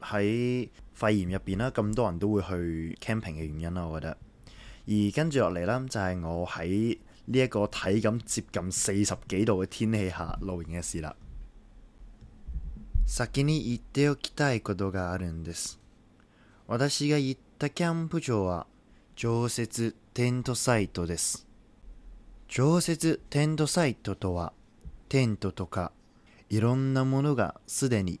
喺肺炎入面啦，咁多人都會去 camping 嘅原因啦，我覺得。而跟住落嚟啦，就係我喺呢一個體感接近四十幾度嘅天氣下露營嘅事啦。先に言っておきたいことがあるんです。私が行ったキャンプ場は常設テントサイトです。常設テントサイトとはテントとか、いろんなものがすでに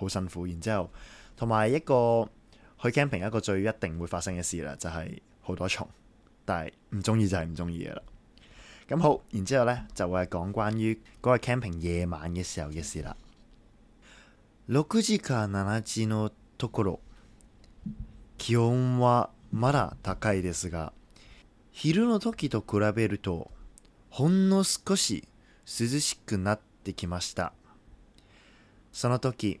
好辛苦，然之後同埋一個去 camping 一個最一定會發生嘅事啦，就係好多蟲，但係唔中意就係唔中意嘅啦。咁好，然之後咧就會係講關於嗰個 camping 夜晚嘅時候嘅事啦。六時か七時のところ、気温はまだ高いですが、晝の時と比べるとほんの少し涼しくなってきました。その時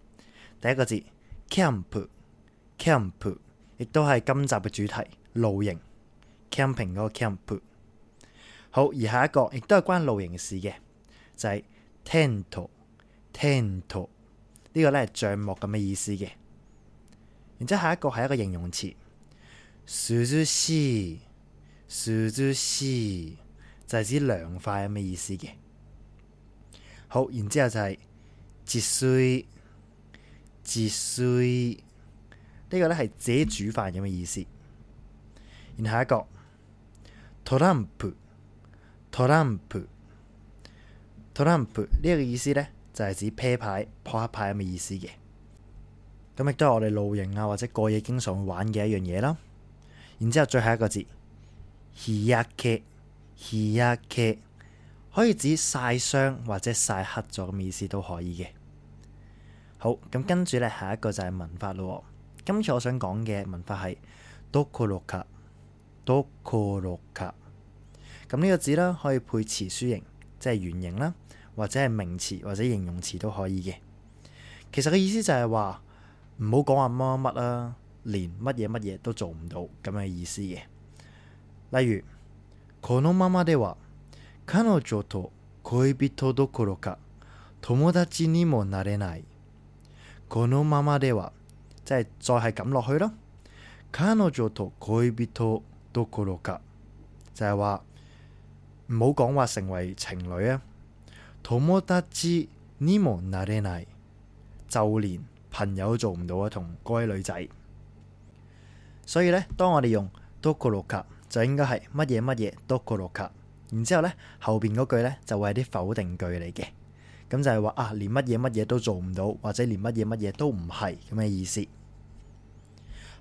第一個字 campu，campu 亦都係今集嘅主題露營，camping 嗰個 campu。好，而下一個亦都係關露營事嘅，就係 tent，tent 呢個咧係帳幕咁嘅意思嘅。然之後下一個係一個形容詞，樹住絲，樹住絲就係指涼快咁嘅意思嘅。好，然之後就係自炊。自炊呢個咧係自己煮飯咁嘅意思。然後一個，トランプ，トランプ，トランプ呢個意思咧就係、是、指啤牌、撲克牌咁嘅意思嘅。咁亦都係我哋露營啊或者過夜經常玩嘅一樣嘢啦。然之後最後一個字，日焼け，日焼け，可以指曬傷或者曬黑咗咁嘅意思都可以嘅。好咁，跟住咧，下一個就係文法咯。今次我想講嘅文法係どころか、どころか。咁呢、這個字咧可以配詞書形，即係原型啦，或者係名詞或者形容詞都可以嘅。其實嘅意思就係話唔好講阿媽乜啦，連乜嘢乜嘢都做唔到咁嘅意思嘅。例如，このままでは、彼女と戀人どころか，友達にもなれない。このままでは即係再係咁落去咯。彼女と戀人どころか，就係話唔好講話成為情侶啊。友達にもなれない，就連朋友做唔到啊，同嗰位女仔。所以咧，當我哋用どころか，就應該係乜嘢乜嘢どころか，然之後咧後邊嗰句咧就會係啲否定句嚟嘅。咁就係話啊，連乜嘢乜嘢都做唔到，或者連乜嘢乜嘢都唔係咁嘅意思。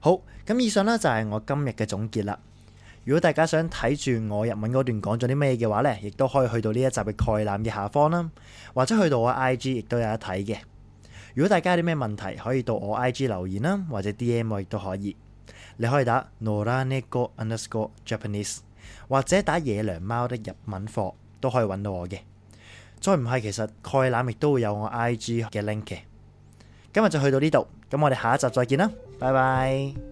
好，咁以上咧就係我今日嘅總結啦。如果大家想睇住我日文嗰段講咗啲咩嘅話呢，亦都可以去到呢一集嘅概覽嘅下方啦，或者去到我 IG 亦都有得睇嘅。如果大家有啲咩問題，可以到我 IG 留言啦，或者 DM 我亦都可以。你可以打 NoraNeko_Japanese，或者打野良貓的日文課都可以揾到我嘅。再唔係，其實概覽亦都會有我 IG 嘅 link 嘅。今日就去到呢度，咁我哋下一集再見啦，拜拜。